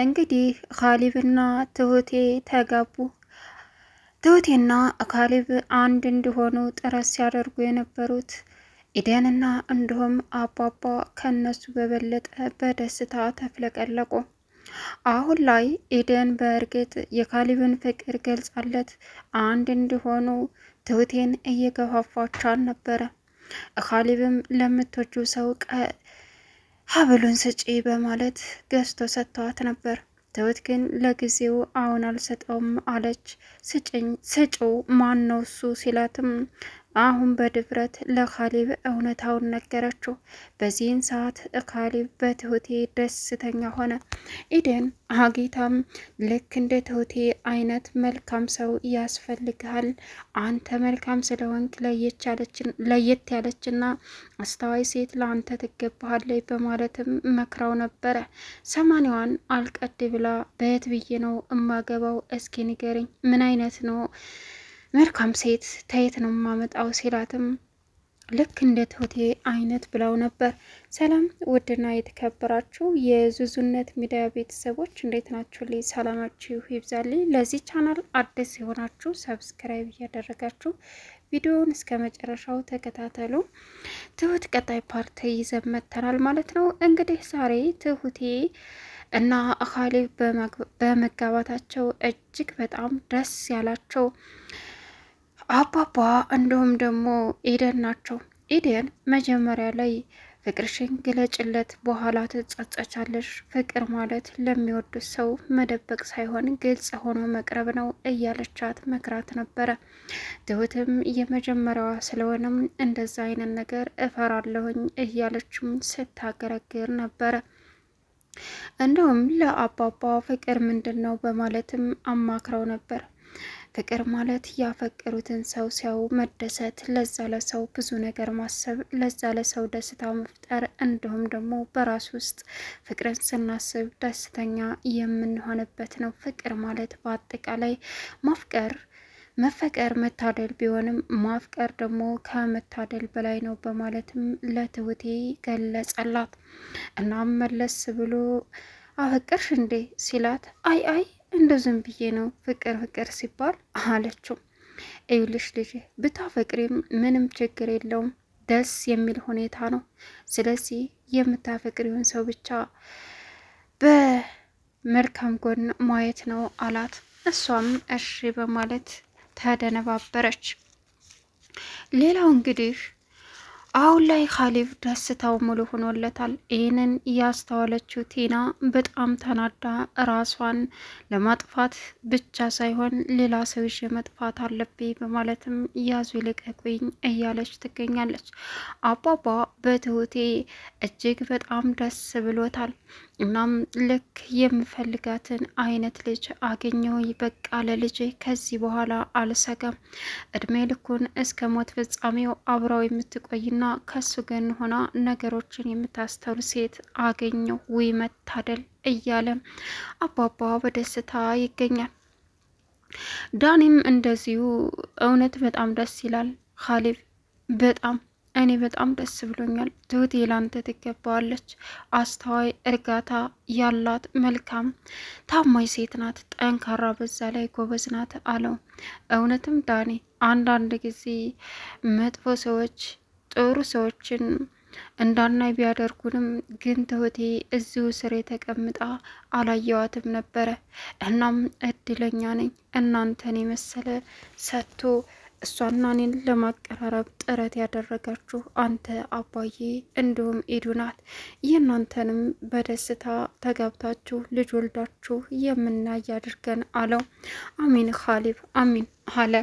እንግዲህ ኻሊብና ትሁቴ ተጋቡ። ትሁቴና ኻሊብ አንድ እንዲሆኑ ጥረት ሲያደርጉ የነበሩት ኢደንና እንዲሁም አባባ ከነሱ በበለጠ በደስታ ተፍለቀለቁ። አሁን ላይ ኢደን በእርግጥ የካሊብን ፍቅር ገልጻለት አንድ እንዲሆኑ ትሁቴን እየገፋፋቻን ነበረ። ካሌብም ለምትወጁ ሰው ሀብሉን ስጪ በማለት ገዝቶ ሰጥተዋት ነበር። ትሁት ግን ለጊዜው አሁን አልሰጠውም አለች። ስጭኝ ስጪው ማን ነው እሱ ሲላትም አሁን በድፍረት ለካሊብ እውነታውን ነገረችው። በዚህን ሰዓት ካሊብ በትሁቴ ደስተኛ ሆነ። ኢደን አጌታም ልክ እንደ ትሁቴ አይነት መልካም ሰው ያስፈልግሃል፣ አንተ መልካም ስለሆንክ ለየት ያለችና አስተዋይ ሴት ለአንተ ትገባሃለች በማለትም መክራው ነበረ። ሰማኒዋን አልቀድ ብላ በየት ብዬ ነው እማገባው? እስኪ ንገርኝ ምን አይነት ነው መልካም ሴት ተየት ነው የማመጣው ሲላትም ልክ እንደ ትሁቴ አይነት ብለው ነበር። ሰላም ውድና የተከበራችሁ የዙዙነት ሚዲያ ቤተሰቦች እንዴት ናችሁ? ልይ ሰላማችሁ ይብዛልኝ። ለዚህ ቻናል አዲስ የሆናችሁ ሰብስክራይብ እያደረጋችሁ ቪዲዮውን እስከ መጨረሻው ተከታተሉ። ትሁት ቀጣይ ፓርቲ ይዘን መጥተናል ማለት ነው። እንግዲህ ዛሬ ትሁቴ እና አካሌ በመጋባታቸው እጅግ በጣም ደስ ያላቸው አባባ እንዲሁም ደግሞ ኢደን ናቸው። ኢደን መጀመሪያ ላይ ፍቅርሽን ግለጭለት፣ በኋላ ትጸጸቻለሽ፣ ፍቅር ማለት ለሚወዱት ሰው መደበቅ ሳይሆን ግልጽ ሆኖ መቅረብ ነው እያለቻት መክራት ነበረ። ትሁትም የመጀመሪያዋ ስለሆነም እንደዛ አይነት ነገር እፈራለሁኝ እያለችም ስታገረግር ነበረ። እንዲሁም ለአባባ ፍቅር ምንድን ነው በማለትም አማክረው ነበር። ፍቅር ማለት ያፈቀሩትን ሰው ሲያዩ መደሰት፣ ለዛ ለሰው ብዙ ነገር ማሰብ፣ ለዛ ለሰው ደስታ መፍጠር እንዲሁም ደግሞ በራስ ውስጥ ፍቅርን ስናስብ ደስተኛ የምንሆንበት ነው። ፍቅር ማለት በአጠቃላይ ማፍቀር መፈቀር መታደል ቢሆንም ማፍቀር ደግሞ ከመታደል በላይ ነው በማለትም ለትሁቴ ገለጸላት። እናም መለስ ብሎ አፈቀርሽ እንዴ ሲላት አይ አይ እንደ ዝም ብዬ ነው ፍቅር ፍቅር ሲባል አለችው። እዩልሽ ልጅ ብታፈቅሪም ምንም ችግር የለውም ደስ የሚል ሁኔታ ነው። ስለዚህ የምታፈቅሪውን ሰው ብቻ በመልካም ጎን ማየት ነው አላት። እሷም እሺ በማለት ተደነባበረች። ሌላው እንግዲህ አሁን ላይ ካሌብ ደስታው ሙሉ ሆኖለታል። ይህንን ያስተዋለችው ቲና በጣም ተናዳ ራሷን ለማጥፋት ብቻ ሳይሆን ሌላ ሰው ይዤ መጥፋት አለብኝ በማለትም ያዙ ልቀቁኝ እያለች ትገኛለች። አባባ በትሁቴ እጅግ በጣም ደስ ብሎታል። እናም ልክ የምፈልጋትን አይነት ልጅ አገኘው። በቃ ለልጄ ከዚህ በኋላ አልሰጋም። እድሜ ልኩን እስከ ሞት ፍጻሜው አብራው የምትቆይና ከሱ ገን ሆና ነገሮችን የምታስተውል ሴት አገኘው። ውይ መታደል እያለ አባባ በደስታ ይገኛል። ዳኒም እንደዚሁ እውነት በጣም ደስ ይላል። ካሌብ በጣም እኔ በጣም ደስ ብሎኛል። ትሁቴ ላንተ ትገባዋለች። አስተዋይ፣ እርጋታ ያላት መልካም፣ ታማኝ ሴት ናት። ጠንካራ፣ በዛ ላይ ጎበዝ ናት አለው። እውነትም ዳኔ፣ አንዳንድ ጊዜ መጥፎ ሰዎች ጥሩ ሰዎችን እንዳናይ ቢያደርጉንም ግን ትሁቴ እዚሁ ስሬ ተቀምጣ አላየዋትም ነበረ። እናም እድለኛ ነኝ እናንተን የመሰለ ሰጥቶ እሷና እኔን ለማቀራረብ ጥረት ያደረጋችሁ አንተ አባዬ እንዲሁም ናት የእናንተንም በደስታ ተጋብታችሁ ልጅ ወልዳችሁ የምናይ አድርገን አለው። አሚን ካሊብ አሚን አለ።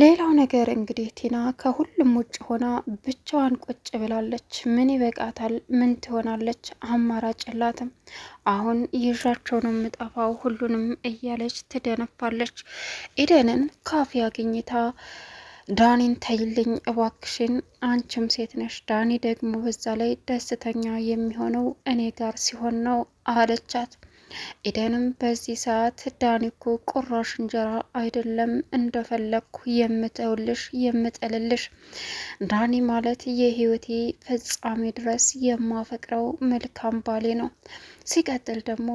ሌላው ነገር እንግዲህ ቲና ከሁሉም ውጭ ሆና ብቻዋን ቁጭ ብላለች። ምን ይበቃታል? ምን ትሆናለች? አማራጭ የላትም። አሁን ይዣቸው ነው የምጠፋው ሁሉንም እያለች ትደነፋለች። ኢደንን ካፌ አግኝታ ዳኒን ተይልኝ እባክሽን፣ አንቺም ሴት ነሽ። ዳኒ ደግሞ በዛ ላይ ደስተኛ የሚሆነው እኔ ጋር ሲሆን ነው አለቻት። ኢደንም በዚህ ሰዓት ዳኒኮ ቁራሽ እንጀራ አይደለም እንደፈለግኩ የምተውልሽ የምጠልልሽ ዳኒ ማለት የህይወቴ ፍጻሜ ድረስ የማፈቅረው መልካም ባሌ ነው። ሲቀጥል ደግሞ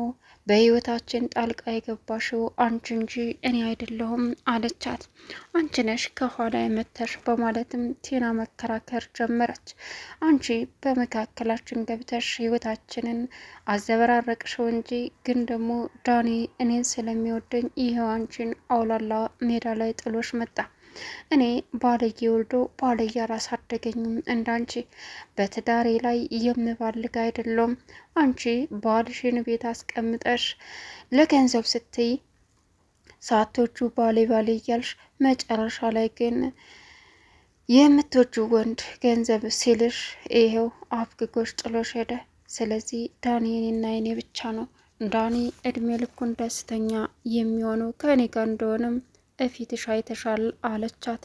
በህይወታችን ጣልቃ የገባሽው አንቺ እንጂ እኔ አይደለሁም አለቻት። አንቺ ነሽ ከኋላ የመተሽ በማለትም ቲና መከራከር ጀመረች። አንቺ በመካከላችን ገብተሽ ህይወታችንን አዘበራረቅሽው እንጂ ግን ደግሞ ዳኒ እኔን ስለሚወደኝ ይሄው አንቺን አውላላ ሜዳ ላይ ጥሎሽ መጣ። እኔ ባለጌ ወልዶ ባለጌ አላሳደገኝም እንዳንቺ በትዳሬ ላይ የምባልግ አይደለም። አንቺ ባልሽን ቤት አስቀምጠሽ ለገንዘብ ስትይ ሰዓቶቹ ባሌ ባሌ እያልሽ መጨረሻ ላይ ግን የምትወጁ ወንድ ገንዘብ ሲልሽ ይሄው አፍግጎሽ ጥሎሽ ሄደ። ስለዚህ ዳንኤልና የኔ ብቻ ነው ዳኒ እድሜ ልኩን ደስተኛ የሚሆኑ ከኔ ጋር እንደሆነም እፊትሽ አይተሻል አለቻት።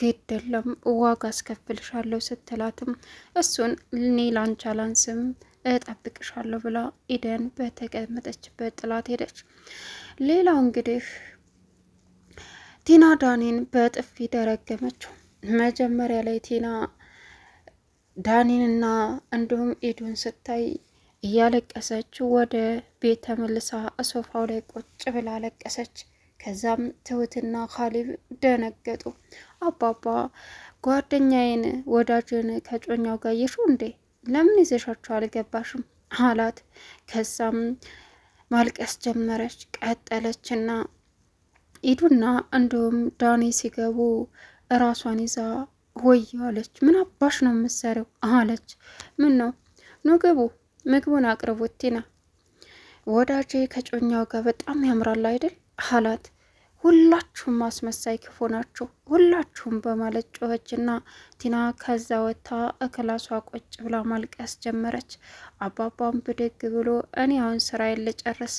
ግድ ዋጋ አስከፍልሻለሁ ስትላትም እሱን እኔ ላንቻላን ስም እጠብቅሻለሁ ብላ ኢደን በተቀመጠችበት ጥላት ሄደች። ሌላው እንግዲህ ቲና ዳኒን በጥፊ ደረገመችው። መጀመሪያ ላይ ቲና ዳኒንና እንዲሁም ኢዱን ስታይ እያለቀሰች ወደ ቤት ተመልሳ ሶፋው ላይ ቁጭ ብላ አለቀሰች። ከዛም ትሁትና ካሊብ ደነገጡ። አባባ ጓደኛዬን ወዳጅን ከጮኛው ጋር እንዴ ለምን ይዘሻቸው አልገባሽም አላት። ከዛም ማልቀስ ጀመረች። ቀጠለችና ኢዱና እንዲሁም ዳኒ ሲገቡ እራሷን ይዛ ወይ አለች። ምን አባሽ ነው የምትሰሪው አለች። ምን ነው ኑ ግቡ ምግቡን አቅርቡት ቲና። ወዳጄ ከጮኛው ጋር በጣም ያምራል አይደል አላት። ሁላችሁም አስመሳይ ክፉ ናችሁ ሁላችሁም በማለት ጮኸችና ቲና ከዛ ወታ እክላሷ ቆጭ ብላ ማልቀስ ጀመረች። አባባም ብድግ ብሎ እኔ አሁን ስራዬን ልጨርስ፣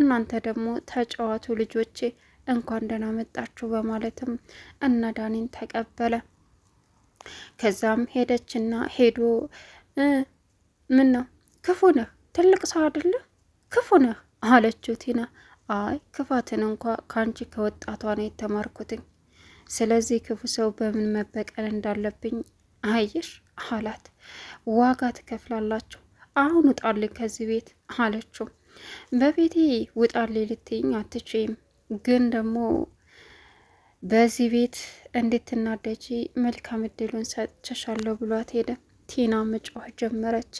እናንተ ደግሞ ተጫዋቱ ልጆቼ፣ እንኳን ደህና መጣችሁ በማለትም እነ ዳኒን ተቀበለ። ከዛም ሄደችና ሄዶ ምን ነው ክፉ ነህ፣ ትልቅ ሰው አይደለህ፣ ክፉ ነህ አለችው ቲና። አይ ክፋትን እንኳ ከአንቺ ከወጣቷ ነው የተማርኩትኝ። ስለዚህ ክፉ ሰው በምን መበቀል እንዳለብኝ አየሽ አላት። ዋጋ ትከፍላላችሁ። አሁን ውጣልኝ ከዚህ ቤት አለችው። በቤቴ ውጣልኝ ልትይኝ አትችም፣ ግን ደግሞ በዚህ ቤት እንድትናደጂ መልካም እድሉን ሰጥቼሻለሁ ብሏት ሄደ። ቲና መጫወት ጀመረች።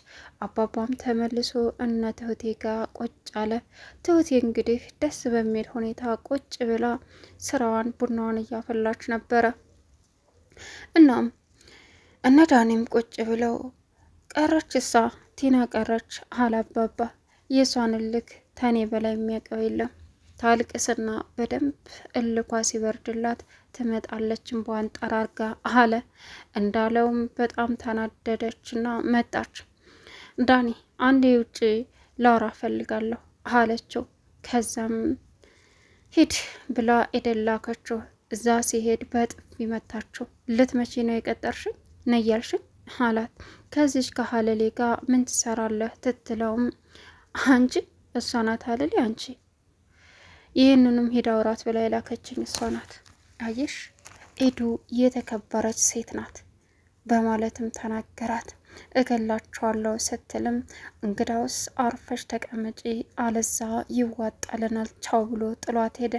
አባባም ተመልሶ እነ ትሁቴ ጋር ቁጭ አለ። ትሁቴ እንግዲህ ደስ በሚል ሁኔታ ቁጭ ብላ ስራዋን ቡናዋን እያፈላች ነበረ። እናም እነ ዳኔም ቁጭ ብለው ቀረች፣ እሳ ቲና ቀረች አለ አባባ። የእሷን ልክ ተኔ በላይ የሚያውቀው የለም። ታልቅስና በደንብ እልኳ ሲበርድላት ትመጣለችን በን ጠራርጋ አለ። እንዳለውም በጣም ተናደደችና መጣች። ዳኒ አንዴ ውጭ ላውራ ፈልጋለሁ አለችው። ከዛም ሂድ ብላ የደላከችው እዛ ሲሄድ በጥፊ መታችው። ልትመቼ ነው የቀጠርሽኝ ነው አላት። ከዚች ከሀለሌ ጋር ምን ትሰራለህ ትትለውም አንቺ እሷ ናት ሀለሌ አንቺ ይህንንም ሄዳ አውራት ብላ የላከችኝ እሷ ናት። አየሽ ኤዱ የተከበረች ሴት ናት በማለትም ተናገራት። እገላችኋለሁ ስትልም እንግዳውስ አርፈሽ ተቀመጪ አለዛ ይዋጣልናል ቻው ብሎ ጥሏት ሄደ።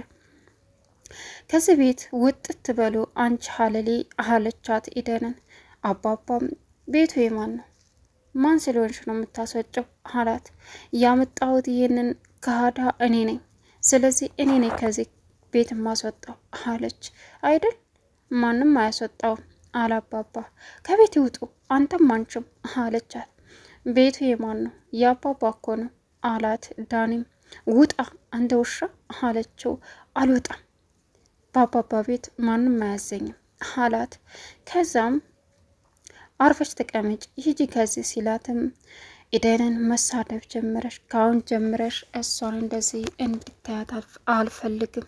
ከዚህ ቤት ውጥት በሉ አንቺ ሀለሌ አህለቻት ኢደንን። አባባም ቤቱ የማን ነው? ማን ስለሆንሽ ነው የምታስወጨው? አላት ያመጣሁት ይህንን ከሀዳ እኔ ነኝ ስለዚህ እኔ ነኝ ከዚህ ቤት ማስወጣው አለች። አይደል ማንም አያስወጣውም አላባባ ከቤት ይውጡ አንተም አንችም አለቻት። ቤቱ የማን ነው? የአባባ እኮ ነው አላት። ዳኒም ውጣ አንተ ውሻ አለችው። አልወጣም በአባባ ቤት ማንም አያዘኝም አላት። ከዛም አርፈች ተቀመጭ ሂጂ ከዚህ ሲላትም ኢደንን መሳደብ ጀምረሽ ከአሁን ጀምረሽ እሷን እንደዚህ እንድታያት አልፈልግም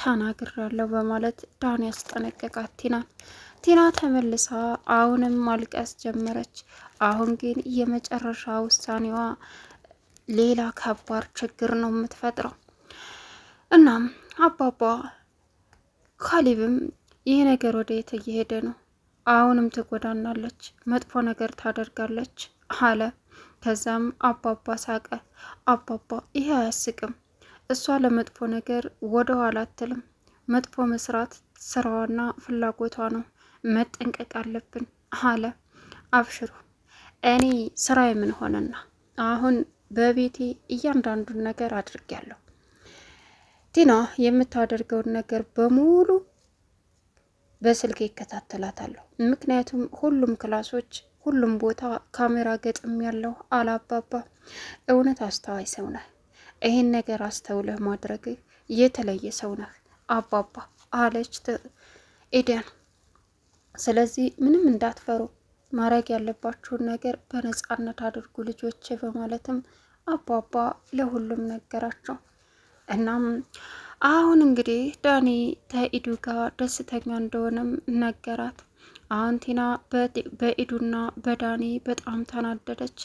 ተናግሬያለሁ በማለት ዳን ያስጠነቀቃት ቲናን። ቲና ተመልሳ አሁንም ማልቀስ ጀመረች። አሁን ግን የመጨረሻ ውሳኔዋ ሌላ ከባድ ችግር ነው የምትፈጥረው። እናም አባባ ካሊብም ይህ ነገር ወደ የት እየሄደ ነው? አሁንም ትጎዳናለች፣ መጥፎ ነገር ታደርጋለች አለ ከዛም አባባ ሳቀ። አባባ ይሄ አያስቅም፣ እሷ ለመጥፎ ነገር ወደ ኋላ አትልም። መጥፎ መስራት ስራዋና ፍላጎቷ ነው፣ መጠንቀቅ አለብን አለ። አብሽሩ፣ እኔ ስራ የምን ሆነና አሁን በቤቴ እያንዳንዱን ነገር አድርጊያለሁ። ቲና የምታደርገውን ነገር በሙሉ በስልክ ይከታተላታለሁ፣ ምክንያቱም ሁሉም ክላሶች ሁሉም ቦታ ካሜራ ገጥም ያለው አላባባ እውነት አስተዋይ ሰው ነህ። ይህን ነገር አስተውለህ ማድረግ የተለየ ሰው ነህ አባባ አለች ኢዲያን። ስለዚህ ምንም እንዳትፈሩ ማድረግ ያለባችሁን ነገር በነፃነት አድርጉ ልጆች በማለትም አባባ ለሁሉም ነገራቸው። እናም አሁን እንግዲህ ዳኒ ተኢዱ ጋር ደስተኛ እንደሆነም ነገራት። አሁን ቲና በኢዱና በዳኒ በጣም ተናደደች።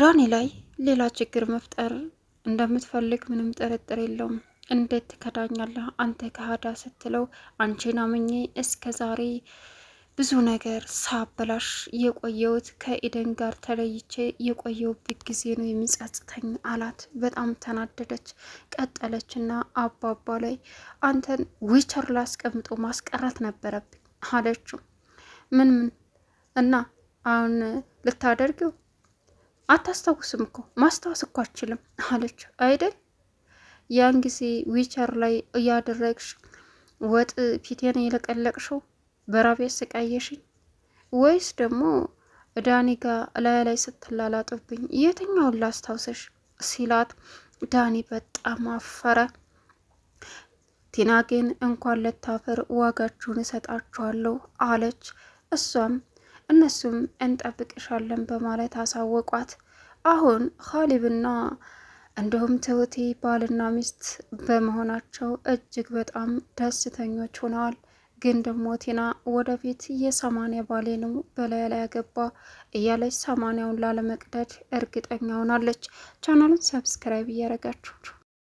ዳኒ ላይ ሌላ ችግር መፍጠር እንደምትፈልግ ምንም ጥርጥር የለውም። እንዴት ትከዳኛለህ አንተ ከሃዳ ስትለው አንቺን አምኜ እስከ ዛሬ ብዙ ነገር ሳበላሽ የቆየሁት ከኢደን ጋር ተለይቼ የቆየሁበት ጊዜ ነው የሚጸጽተኝ አላት። በጣም ተናደደች። ቀጠለችና አባባ ላይ አንተን ዊቸር ላስቀምጦ ማስቀረት ነበረብኝ አለችው። ምን ምን እና አሁን ልታደርገው? አታስታውስም እኮ ማስታወስ እኮ አችልም አለችው። አይደል ያን ጊዜ ዊቸር ላይ እያደረግሽ ወጥ ፊቴን የለቀለቅሽው በራብ ያሰቃየሽኝ፣ ወይስ ደግሞ ዳኒ ጋር ላይ ላይ ስትላላጡብኝ የትኛውን ላስታውሰሽ ሲላት ዳኒ በጣም አፈረ። ቲና ግን እንኳን ልታፍር ዋጋችሁን እሰጣችኋለሁ አለች። እሷም እነሱም እንጠብቅሻለን በማለት አሳወቋት። አሁን ኻሊብና እንዲሁም ትሁቴ ባልና ሚስት በመሆናቸው እጅግ በጣም ደስተኞች ሆነዋል። ግን ደግሞ ቲና ወደፊት የሰማንያ ባሌ ነው በላይ ላይ ያገባ እያለች ሰማኒያውን ላለመቅደድ እርግጠኛ ሆናለች። ቻናሉን ሰብስክራይብ እያረጋችሁ